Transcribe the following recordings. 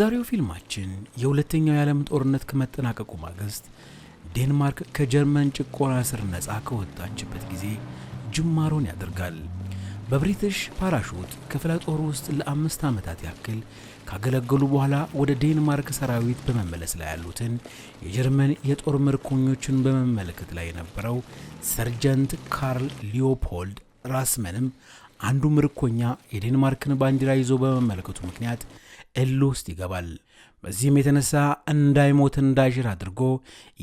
ዛሬው ፊልማችን የሁለተኛው የዓለም ጦርነት ከመጠናቀቁ ማግስት ዴንማርክ ከጀርመን ጭቆና ስር ነፃ ከወጣችበት ጊዜ ጅማሮን ያደርጋል። በብሪትሽ ፓራሹት ክፍለ ጦር ውስጥ ለአምስት ዓመታት ያክል ካገለገሉ በኋላ ወደ ዴንማርክ ሰራዊት በመመለስ ላይ ያሉትን የጀርመን የጦር ምርኮኞችን በመመለከት ላይ የነበረው ሰርጀንት ካርል ሊዮፖልድ ራስመንም አንዱ ምርኮኛ የዴንማርክን ባንዲራ ይዞ በመመልከቱ ምክንያት እል ውስጥ ይገባል። በዚህም የተነሳ እንዳይሞት እንዳይሽር አድርጎ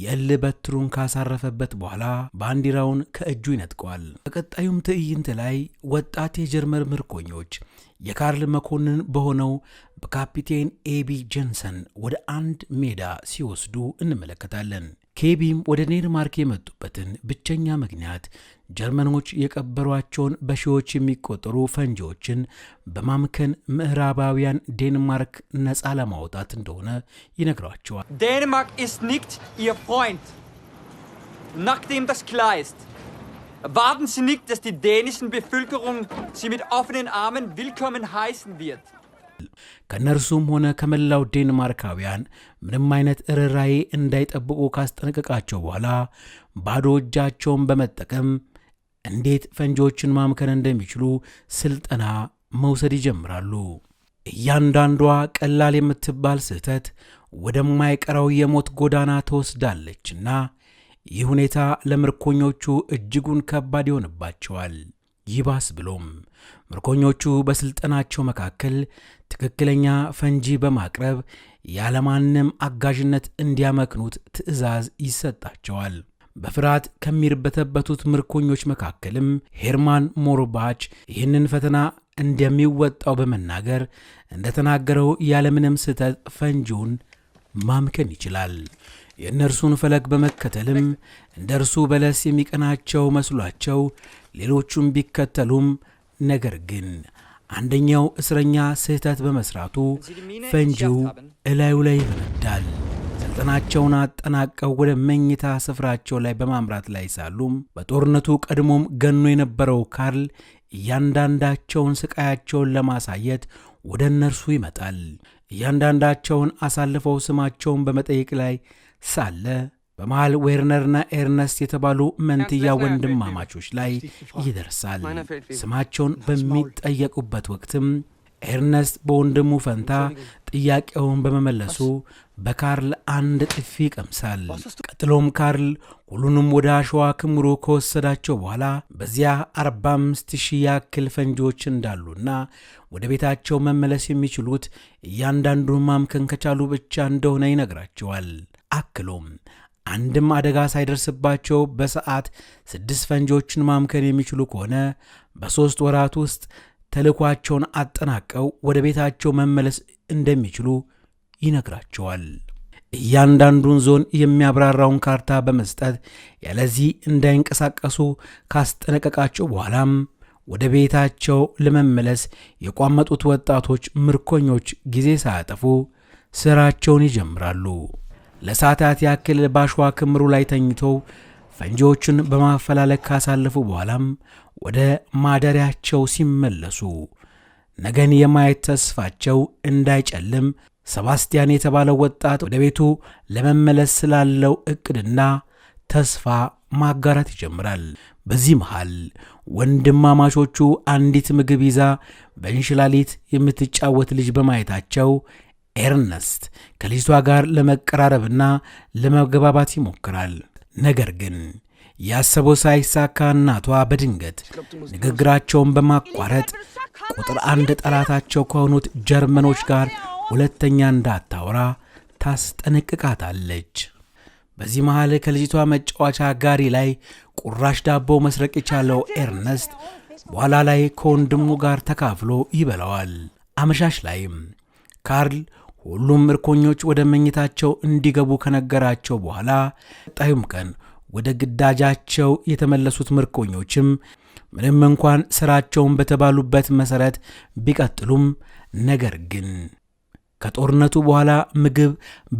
የእል በትሩን ካሳረፈበት በኋላ ባንዲራውን ከእጁ ይነጥቀዋል። በቀጣዩም ትዕይንት ላይ ወጣት የጀርመን ምርኮኞች የካርል መኮንን በሆነው በካፒቴን ኤቢ ጀንሰን ወደ አንድ ሜዳ ሲወስዱ እንመለከታለን። ኬቢም ወደ ዴንማርክ የመጡበትን ብቸኛ ምክንያት ጀርመኖች የቀበሯቸውን በሺዎች የሚቆጠሩ ፈንጂዎችን በማምከን ምዕራባውያን ዴንማርክ ነፃ ለማውጣት እንደሆነ ይነግሯቸዋል። ዴንማርክ ኢስ ኒክት ኢር ፍሬንድ ናክዴም ዳስ ክላር ኢስት ዋርተን ሲ ኒክት ዳስ ዲ ዴኒሽን ቤቨልከሩንግ ሲ ሚት ኦፍንን አርመን ዊልኮመን ሃይሰን ዊርት ከእነርሱም ሆነ ከመላው ዴንማርካውያን ምንም አይነት ርኅራዬ እንዳይጠብቁ ካስጠነቀቃቸው በኋላ ባዶ እጃቸውን በመጠቀም እንዴት ፈንጂዎችን ማምከን እንደሚችሉ ስልጠና መውሰድ ይጀምራሉ። እያንዳንዷ ቀላል የምትባል ስህተት ወደማይቀረው የሞት ጎዳና ተወስዳለችና ይህ ሁኔታ ለምርኮኞቹ እጅጉን ከባድ ይሆንባቸዋል። ይባስ ብሎም ምርኮኞቹ በሥልጠናቸው መካከል ትክክለኛ ፈንጂ በማቅረብ ያለማንም አጋዥነት እንዲያመክኑት ትዕዛዝ ይሰጣቸዋል። በፍርሃት ከሚርበተበቱት ምርኮኞች መካከልም ሄርማን ሞርባች ይህንን ፈተና እንደሚወጣው በመናገር እንደተናገረው ያለምንም ስህተት ፈንጂውን ማምከን ይችላል። የእነርሱን ፈለግ በመከተልም እንደ እርሱ በለስ የሚቀናቸው መስሏቸው ሌሎቹም ቢከተሉም ነገር ግን አንደኛው እስረኛ ስህተት በመስራቱ ፈንጂው እላዩ ላይ ይፈነዳል። ስልጠናቸውን አጠናቀው ወደ መኝታ ስፍራቸው ላይ በማምራት ላይ ሳሉም በጦርነቱ ቀድሞም ገኖ የነበረው ካርል እያንዳንዳቸውን ስቃያቸውን ለማሳየት ወደ እነርሱ ይመጣል። እያንዳንዳቸውን አሳልፈው ስማቸውን በመጠየቅ ላይ ሳለ በመሃል ዌርነርና ኤርነስት የተባሉ መንትያ ወንድማማቾች ላይ ይደርሳል። ስማቸውን በሚጠየቁበት ወቅትም ኤርነስት በወንድሙ ፈንታ ጥያቄውን በመመለሱ በካርል አንድ ጥፊ ይቀምሳል። ቀጥሎም ካርል ሁሉንም ወደ አሸዋ ክምሩ ከወሰዳቸው በኋላ በዚያ 45 ሺህ ያክል ፈንጂዎች እንዳሉና ወደ ቤታቸው መመለስ የሚችሉት እያንዳንዱ ማምከን ከቻሉ ብቻ እንደሆነ ይነግራቸዋል። አክሎም አንድም አደጋ ሳይደርስባቸው በሰዓት ስድስት ፈንጂዎችን ማምከን የሚችሉ ከሆነ በሦስት ወራት ውስጥ ተልኳቸውን አጠናቀው ወደ ቤታቸው መመለስ እንደሚችሉ ይነግራቸዋል። እያንዳንዱን ዞን የሚያብራራውን ካርታ በመስጠት ያለዚህ እንዳይንቀሳቀሱ ካስጠነቀቃቸው በኋላም ወደ ቤታቸው ለመመለስ የቋመጡት ወጣቶች ምርኮኞች ጊዜ ሳያጠፉ ሥራቸውን ይጀምራሉ። ለሰዓታት ያክል በአሸዋ ክምሩ ላይ ተኝቶ ፈንጂዎቹን በማፈላለግ ካሳለፉ በኋላም ወደ ማደሪያቸው ሲመለሱ ነገን የማየት ተስፋቸው እንዳይጨልም ሰባስቲያን የተባለው ወጣት ወደ ቤቱ ለመመለስ ስላለው እቅድና ተስፋ ማጋራት ይጀምራል። በዚህ መሃል ወንድማማቾቹ አንዲት ምግብ ይዛ በእንሽላሊት የምትጫወት ልጅ በማየታቸው ኤርነስት ከልጅቷ ጋር ለመቀራረብና ለመግባባት ይሞክራል። ነገር ግን ያሰበው ሳይሳካ እናቷ በድንገት ንግግራቸውን በማቋረጥ ቁጥር አንድ ጠላታቸው ከሆኑት ጀርመኖች ጋር ሁለተኛ እንዳታወራ ታስጠነቅቃታለች። በዚህ መሃል ከልጅቷ መጫወቻ ጋሪ ላይ ቁራሽ ዳቦ መስረቅ የቻለው ኤርነስት በኋላ ላይ ከወንድሙ ጋር ተካፍሎ ይበላዋል። አመሻሽ ላይም ካርል ሁሉም ምርኮኞች ወደ መኝታቸው እንዲገቡ ከነገራቸው በኋላ ጣዩም ቀን ወደ ግዳጃቸው የተመለሱት ምርኮኞችም ምንም እንኳን ሥራቸውን በተባሉበት መሠረት ቢቀጥሉም ነገር ግን ከጦርነቱ በኋላ ምግብ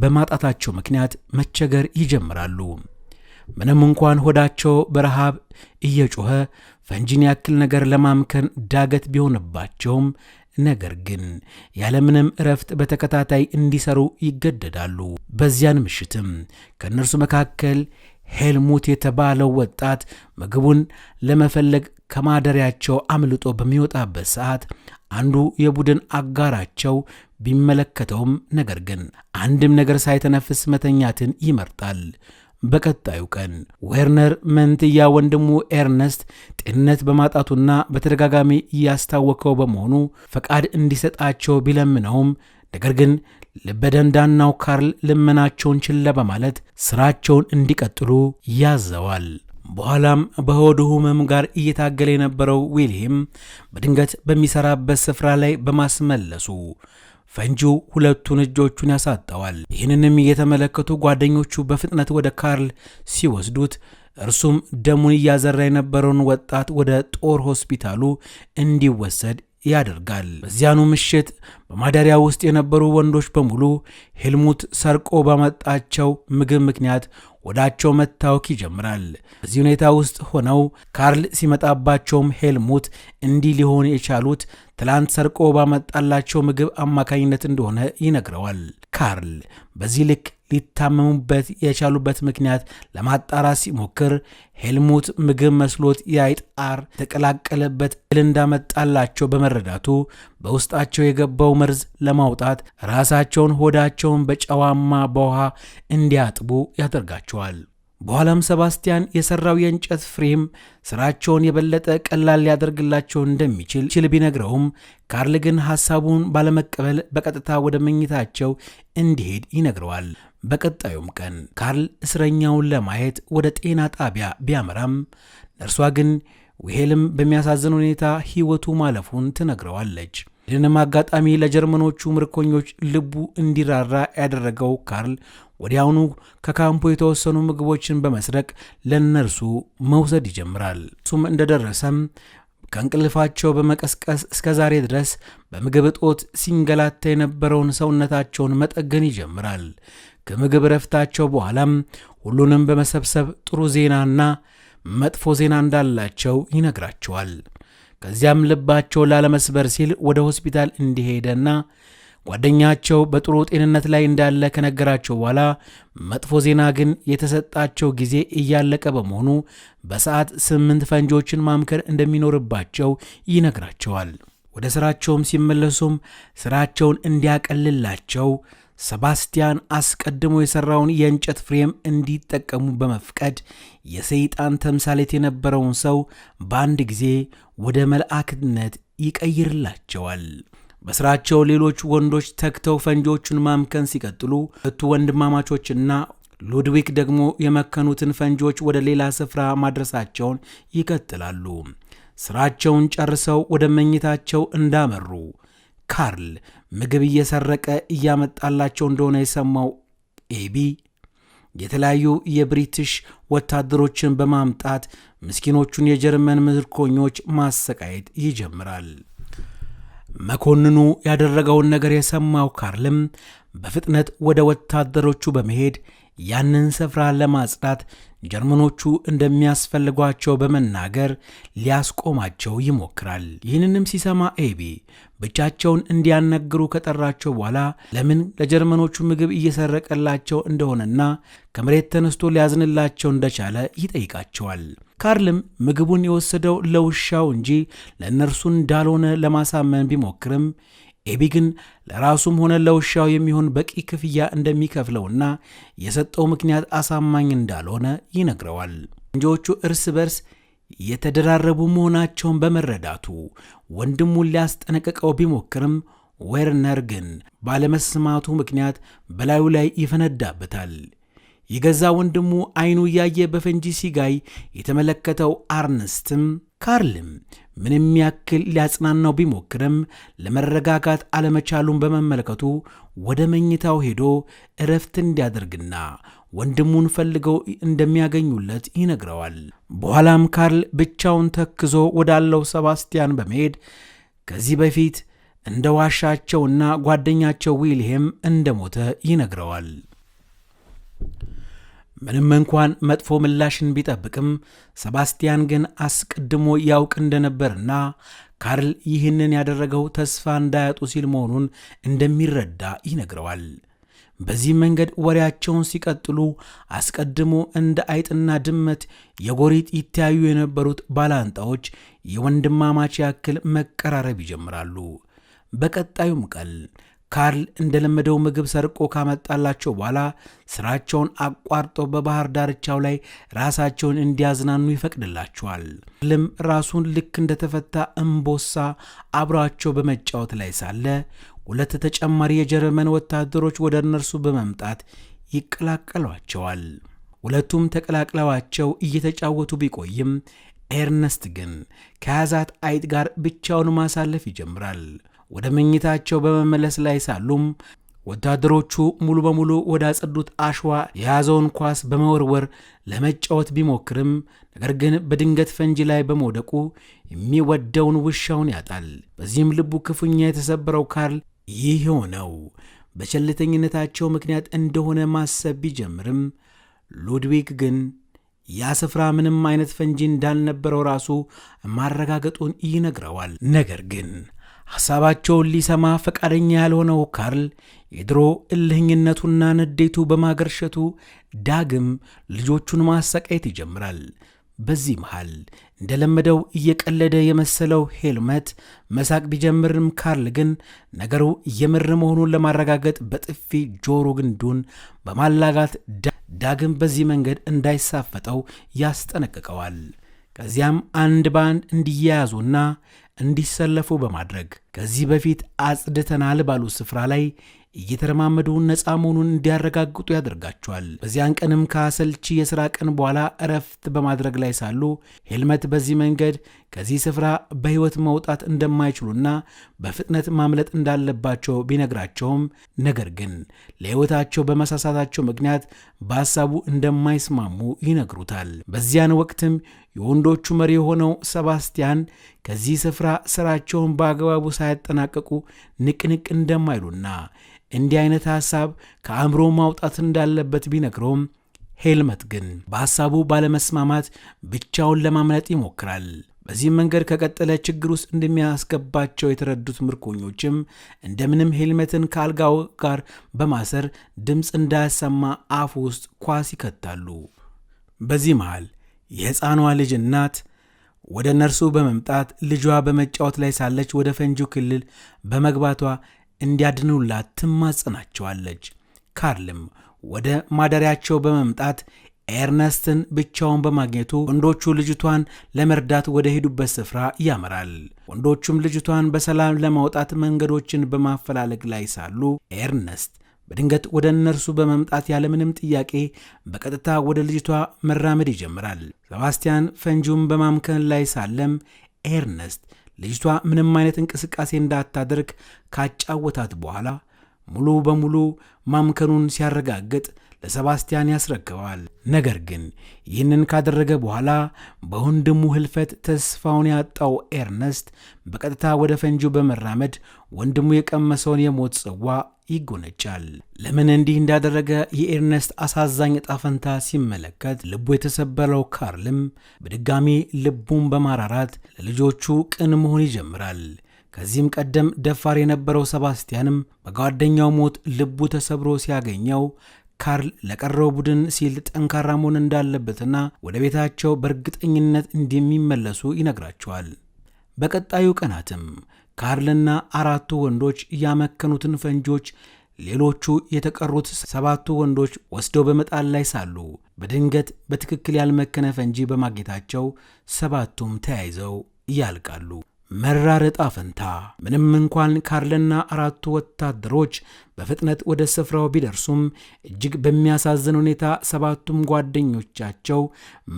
በማጣታቸው ምክንያት መቸገር ይጀምራሉ። ምንም እንኳን ሆዳቸው በረሃብ እየጮኸ ፈንጂን ያክል ነገር ለማምከን ዳገት ቢሆንባቸውም ነገር ግን ያለምንም እረፍት በተከታታይ እንዲሰሩ ይገደዳሉ። በዚያን ምሽትም ከእነርሱ መካከል ሄልሙት የተባለው ወጣት ምግቡን ለመፈለግ ከማደሪያቸው አምልጦ በሚወጣበት ሰዓት አንዱ የቡድን አጋራቸው ቢመለከተውም ነገር ግን አንድም ነገር ሳይተነፍስ መተኛትን ይመርጣል። በቀጣዩ ቀን ዌርነር መንትያ ወንድሙ ኤርነስት ጤንነት በማጣቱና በተደጋጋሚ እያስታወከው በመሆኑ ፈቃድ እንዲሰጣቸው ቢለምነውም ነገር ግን ልበደንዳናው ካርል ልመናቸውን ችላ በማለት ስራቸውን እንዲቀጥሉ ያዘዋል። በኋላም በሆድ ህመም ጋር እየታገለ የነበረው ዊልሄም በድንገት በሚሰራበት ስፍራ ላይ በማስመለሱ ፈንጂው ሁለቱን እጆቹን ያሳጠዋል። ይህንንም እየተመለከቱ ጓደኞቹ በፍጥነት ወደ ካርል ሲወስዱት እርሱም ደሙን እያዘራ የነበረውን ወጣት ወደ ጦር ሆስፒታሉ እንዲወሰድ ያደርጋል። በዚያኑ ምሽት በማደሪያ ውስጥ የነበሩ ወንዶች በሙሉ ሄልሙት ሰርቆ ባመጣቸው ምግብ ምክንያት ወዳቸው መታወክ ይጀምራል። በዚህ ሁኔታ ውስጥ ሆነው ካርል ሲመጣባቸውም ሄልሙት እንዲህ ሊሆን የቻሉት ትላንት ሰርቆ ባመጣላቸው ምግብ አማካኝነት እንደሆነ ይነግረዋል። ካርል በዚህ ልክ ሊታመሙበት የቻሉበት ምክንያት ለማጣራት ሲሞክር ሄልሙት ምግብ መስሎት የአይጥ የተቀላቀለበት እህል እንዳመጣላቸው በመረዳቱ በውስጣቸው የገባው መርዝ ለማውጣት ራሳቸውን ሆዳቸውን በጨዋማ በውሃ እንዲያጥቡ ያደርጋቸዋል። በኋላም ሰባስቲያን የሠራው የእንጨት ፍሬም ሥራቸውን የበለጠ ቀላል ሊያደርግላቸው እንደሚችል ችል ቢነግረውም ካርል ግን ሐሳቡን ባለመቀበል በቀጥታ ወደ መኝታቸው እንዲሄድ ይነግረዋል። በቀጣዩም ቀን ካርል እስረኛውን ለማየት ወደ ጤና ጣቢያ ቢያመራም እርሷ ግን ውሄልም በሚያሳዝን ሁኔታ ሕይወቱ ማለፉን ትነግረዋለች። ይህንም አጋጣሚ ለጀርመኖቹ ምርኮኞች ልቡ እንዲራራ ያደረገው ካርል ወዲያውኑ ከካምፑ የተወሰኑ ምግቦችን በመስረቅ ለነርሱ መውሰድ ይጀምራል። እሱም እንደደረሰም ከእንቅልፋቸው በመቀስቀስ እስከ ዛሬ ድረስ በምግብ እጦት ሲንገላታ የነበረውን ሰውነታቸውን መጠገን ይጀምራል። ከምግብ ረፍታቸው በኋላም ሁሉንም በመሰብሰብ ጥሩ ዜናና መጥፎ ዜና እንዳላቸው ይነግራቸዋል። ከዚያም ልባቸው ላለመስበር ሲል ወደ ሆስፒታል እንዲሄደና ጓደኛቸው በጥሩ ጤንነት ላይ እንዳለ ከነገራቸው በኋላ መጥፎ ዜና ግን የተሰጣቸው ጊዜ እያለቀ በመሆኑ በሰዓት ስምንት ፈንጂዎችን ማምከር እንደሚኖርባቸው ይነግራቸዋል። ወደ ስራቸውም ሲመለሱም ስራቸውን እንዲያቀልላቸው ሰባስቲያን አስቀድሞ የሠራውን የእንጨት ፍሬም እንዲጠቀሙ በመፍቀድ የሰይጣን ተምሳሌት የነበረውን ሰው በአንድ ጊዜ ወደ መልአክነት ይቀይርላቸዋል። በሥራቸው ሌሎች ወንዶች ተግተው ፈንጂዎቹን ማምከን ሲቀጥሉ ሁለቱ ወንድማማቾችና ሉድዊክ ደግሞ የመከኑትን ፈንጂዎች ወደ ሌላ ስፍራ ማድረሳቸውን ይቀጥላሉ። ሥራቸውን ጨርሰው ወደ መኝታቸው እንዳመሩ ካርል ምግብ እየሰረቀ እያመጣላቸው እንደሆነ የሰማው ኤቢ የተለያዩ የብሪትሽ ወታደሮችን በማምጣት ምስኪኖቹን የጀርመን ምርኮኞች ማሰቃየት ይጀምራል። መኮንኑ ያደረገውን ነገር የሰማው ካርልም በፍጥነት ወደ ወታደሮቹ በመሄድ ያንን ስፍራ ለማጽዳት ጀርመኖቹ እንደሚያስፈልጓቸው በመናገር ሊያስቆማቸው ይሞክራል። ይህንንም ሲሰማ ኤቢ ብቻቸውን እንዲያነግሩ ከጠራቸው በኋላ ለምን ለጀርመኖቹ ምግብ እየሰረቀላቸው እንደሆነና ከመሬት ተነስቶ ሊያዝንላቸው እንደቻለ ይጠይቃቸዋል። ካርልም ምግቡን የወሰደው ለውሻው እንጂ ለእነርሱ እንዳልሆነ ለማሳመን ቢሞክርም ኤቢ ግን ለራሱም ሆነ ለውሻው የሚሆን በቂ ክፍያ እንደሚከፍለውና የሰጠው ምክንያት አሳማኝ እንዳልሆነ ይነግረዋል። ፈንጂዎቹ እርስ በርስ የተደራረቡ መሆናቸውን በመረዳቱ ወንድሙን ሊያስጠነቅቀው ቢሞክርም ዌርነር ግን ባለመስማቱ ምክንያት በላዩ ላይ ይፈነዳበታል። የገዛ ወንድሙ አይኑ እያየ በፈንጂ ሲጋይ የተመለከተው አርንስትም ካርልም ምንም ያክል ሊያጽናናው ቢሞክርም ለመረጋጋት አለመቻሉን በመመልከቱ ወደ መኝታው ሄዶ እረፍት እንዲያደርግና ወንድሙን ፈልገው እንደሚያገኙለት ይነግረዋል። በኋላም ካርል ብቻውን ተክዞ ወዳለው ሰባስቲያን በመሄድ ከዚህ በፊት እንደ ዋሻቸውና ጓደኛቸው ዊልሄም እንደሞተ ይነግረዋል። ምንም እንኳን መጥፎ ምላሽን ቢጠብቅም ሰባስቲያን ግን አስቀድሞ ያውቅ እንደነበርና ካርል ይህንን ያደረገው ተስፋ እንዳያጡ ሲል መሆኑን እንደሚረዳ ይነግረዋል። በዚህ መንገድ ወሬያቸውን ሲቀጥሉ አስቀድሞ እንደ አይጥና ድመት የጎሪጥ ይተያዩ የነበሩት ባላንጣዎች የወንድማማች ያክል መቀራረብ ይጀምራሉ። በቀጣዩም ቀን ካርል እንደለመደው ምግብ ሰርቆ ካመጣላቸው በኋላ ስራቸውን አቋርጠው በባህር ዳርቻው ላይ ራሳቸውን እንዲያዝናኑ ይፈቅድላቸዋል። ልም ራሱን ልክ እንደተፈታ እምቦሳ አብሯቸው በመጫወት ላይ ሳለ ሁለት ተጨማሪ የጀርመን ወታደሮች ወደ እነርሱ በመምጣት ይቀላቀሏቸዋል። ሁለቱም ተቀላቅለዋቸው እየተጫወቱ ቢቆይም ኤርነስት ግን ከያዛት አይጥ ጋር ብቻውን ማሳለፍ ይጀምራል። ወደ መኝታቸው በመመለስ ላይ ሳሉም ወታደሮቹ ሙሉ በሙሉ ወዳጸዱት አሸዋ የያዘውን ኳስ በመወርወር ለመጫወት ቢሞክርም ነገር ግን በድንገት ፈንጂ ላይ በመውደቁ የሚወደውን ውሻውን ያጣል። በዚህም ልቡ ክፉኛ የተሰበረው ካርል ይህ የሆነው በቸልተኝነታቸው ምክንያት እንደሆነ ማሰብ ቢጀምርም ሉድዊግ ግን ያ ስፍራ ምንም አይነት ፈንጂ እንዳልነበረው ራሱ ማረጋገጡን ይነግረዋል። ነገር ግን ሐሳባቸውን ሊሰማ ፈቃደኛ ያልሆነው ካርል የድሮ እልህኝነቱና ንዴቱ በማገርሸቱ ዳግም ልጆቹን ማሰቃየት ይጀምራል። በዚህ መሃል እንደለመደው እየቀለደ የመሰለው ሄልመት መሳቅ ቢጀምርም ካርል ግን ነገሩ የምር መሆኑን ለማረጋገጥ በጥፊ ጆሮ ግንዱን በማላጋት ዳግም በዚህ መንገድ እንዳይሳፈጠው ያስጠነቅቀዋል። ከዚያም አንድ በአንድ እንዲያያዙና እንዲሰለፉ በማድረግ ከዚህ በፊት አጽድተናል ባሉ ስፍራ ላይ እየተረማመዱ ነፃ መሆኑን እንዲያረጋግጡ ያደርጋቸዋል። በዚያን ቀንም ከአሰልቺ የሥራ ቀን በኋላ እረፍት በማድረግ ላይ ሳሉ ሄልመት በዚህ መንገድ ከዚህ ስፍራ በሕይወት መውጣት እንደማይችሉና በፍጥነት ማምለጥ እንዳለባቸው ቢነግራቸውም ነገር ግን ለሕይወታቸው በመሳሳታቸው ምክንያት በሐሳቡ እንደማይስማሙ ይነግሩታል። በዚያን ወቅትም የወንዶቹ መሪ የሆነው ሰባስቲያን ከዚህ ስፍራ ሥራቸውን በአግባቡ ሳያጠናቀቁ ንቅንቅ እንደማይሉና እንዲህ አይነት ሐሳብ ከአእምሮ ማውጣት እንዳለበት ቢነግረውም ሄልመት ግን በሐሳቡ ባለመስማማት ብቻውን ለማምለጥ ይሞክራል። በዚህም መንገድ ከቀጠለ ችግር ውስጥ እንደሚያስገባቸው የተረዱት ምርኮኞችም እንደምንም ሄልመትን ከአልጋው ጋር በማሰር ድምፅ እንዳያሰማ አፍ ውስጥ ኳስ ይከታሉ። በዚህ መሃል የሕፃኗ ልጅ እናት ወደ እነርሱ በመምጣት ልጇ በመጫወት ላይ ሳለች ወደ ፈንጂው ክልል በመግባቷ እንዲያድኑላት ትማጽናቸዋለች። ካርልም ወደ ማደሪያቸው በመምጣት ኤርነስትን ብቻውን በማግኘቱ ወንዶቹ ልጅቷን ለመርዳት ወደ ሄዱበት ስፍራ ያመራል። ወንዶቹም ልጅቷን በሰላም ለማውጣት መንገዶችን በማፈላለግ ላይ ሳሉ ኤርነስት በድንገት ወደ እነርሱ በመምጣት ያለምንም ጥያቄ በቀጥታ ወደ ልጅቷ መራመድ ይጀምራል። ሰባስቲያን ፈንጂውን በማምከን ላይ ሳለም ኤርነስት ልጅቷ ምንም አይነት እንቅስቃሴ እንዳታደርግ ካጫወታት በኋላ ሙሉ በሙሉ ማምከኑን ሲያረጋግጥ ለሰባስቲያን ያስረክባል። ነገር ግን ይህንን ካደረገ በኋላ በወንድሙ ህልፈት ተስፋውን ያጣው ኤርነስት በቀጥታ ወደ ፈንጂው በመራመድ ወንድሙ የቀመሰውን የሞት ጽዋ ይጎነጫል። ለምን እንዲህ እንዳደረገ የኤርነስት አሳዛኝ ዕጣ ፈንታ ሲመለከት ልቡ የተሰበረው ካርልም በድጋሚ ልቡን በማራራት ለልጆቹ ቅን መሆን ይጀምራል። ከዚህም ቀደም ደፋር የነበረው ሰባስቲያንም በጓደኛው ሞት ልቡ ተሰብሮ ሲያገኘው ካርል ለቀረው ቡድን ሲል ጠንካራ መሆን እንዳለበትና ወደ ቤታቸው በእርግጠኝነት እንደሚመለሱ ይነግራቸዋል። በቀጣዩ ቀናትም ካርልና አራቱ ወንዶች ያመከኑትን ፈንጆች ሌሎቹ የተቀሩት ሰባቱ ወንዶች ወስደው በመጣል ላይ ሳሉ በድንገት በትክክል ያልመከነ ፈንጂ በማግኘታቸው ሰባቱም ተያይዘው ያልቃሉ። መራር ዕጣ ፈንታ። ምንም እንኳን ካርለና አራቱ ወታደሮች በፍጥነት ወደ ስፍራው ቢደርሱም እጅግ በሚያሳዝን ሁኔታ ሰባቱም ጓደኞቻቸው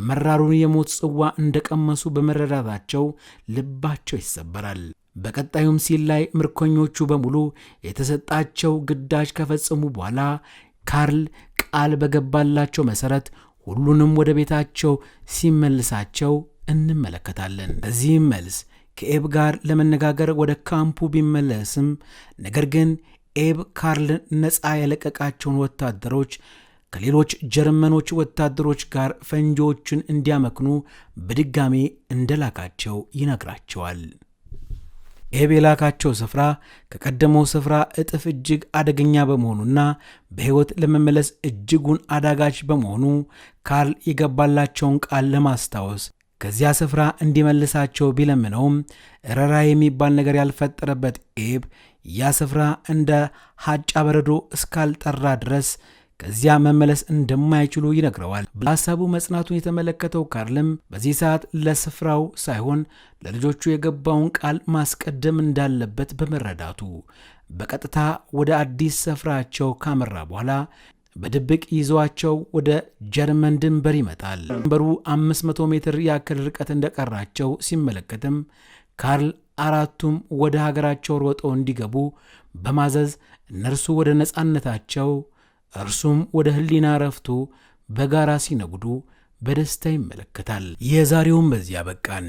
መራሩን የሞት ጽዋ እንደቀመሱ በመረዳታቸው ልባቸው ይሰበራል። በቀጣዩም ሲል ላይ ምርኮኞቹ በሙሉ የተሰጣቸው ግዳጅ ከፈጸሙ በኋላ ካርል ቃል በገባላቸው መሠረት ሁሉንም ወደ ቤታቸው ሲመልሳቸው እንመለከታለን። በዚህም መልስ ከኤብ ጋር ለመነጋገር ወደ ካምፑ ቢመለስም ነገር ግን ኤብ ካርልን ነፃ የለቀቃቸውን ወታደሮች ከሌሎች ጀርመኖች ወታደሮች ጋር ፈንጂዎችን እንዲያመክኑ በድጋሜ እንደላካቸው ይነግራቸዋል። ኤብ የላካቸው ስፍራ ከቀደመው ስፍራ እጥፍ እጅግ አደገኛ በመሆኑና በሕይወት ለመመለስ እጅጉን አዳጋች በመሆኑ ካርል የገባላቸውን ቃል ለማስታወስ ከዚያ ስፍራ እንዲመልሳቸው ቢለምነውም እረራ የሚባል ነገር ያልፈጠረበት ኤብ ያ ስፍራ እንደ ሀጫ በረዶ እስካልጠራ ድረስ ከዚያ መመለስ እንደማይችሉ ይነግረዋል። በሀሳቡ መጽናቱን የተመለከተው ካርልም በዚህ ሰዓት ለስፍራው ሳይሆን ለልጆቹ የገባውን ቃል ማስቀደም እንዳለበት በመረዳቱ በቀጥታ ወደ አዲስ ስፍራቸው ካመራ በኋላ በድብቅ ይዟቸው ወደ ጀርመን ድንበር ይመጣል። ድንበሩ 500 ሜትር ያክል ርቀት እንደቀራቸው ሲመለከትም ካርል አራቱም ወደ ሀገራቸው ሮጠው እንዲገቡ በማዘዝ እነርሱ ወደ ነፃነታቸው እርሱም ወደ ህሊና ረፍቱ በጋራ ሲነጉዱ በደስታ ይመለከታል። የዛሬውም በዚያ በቃን።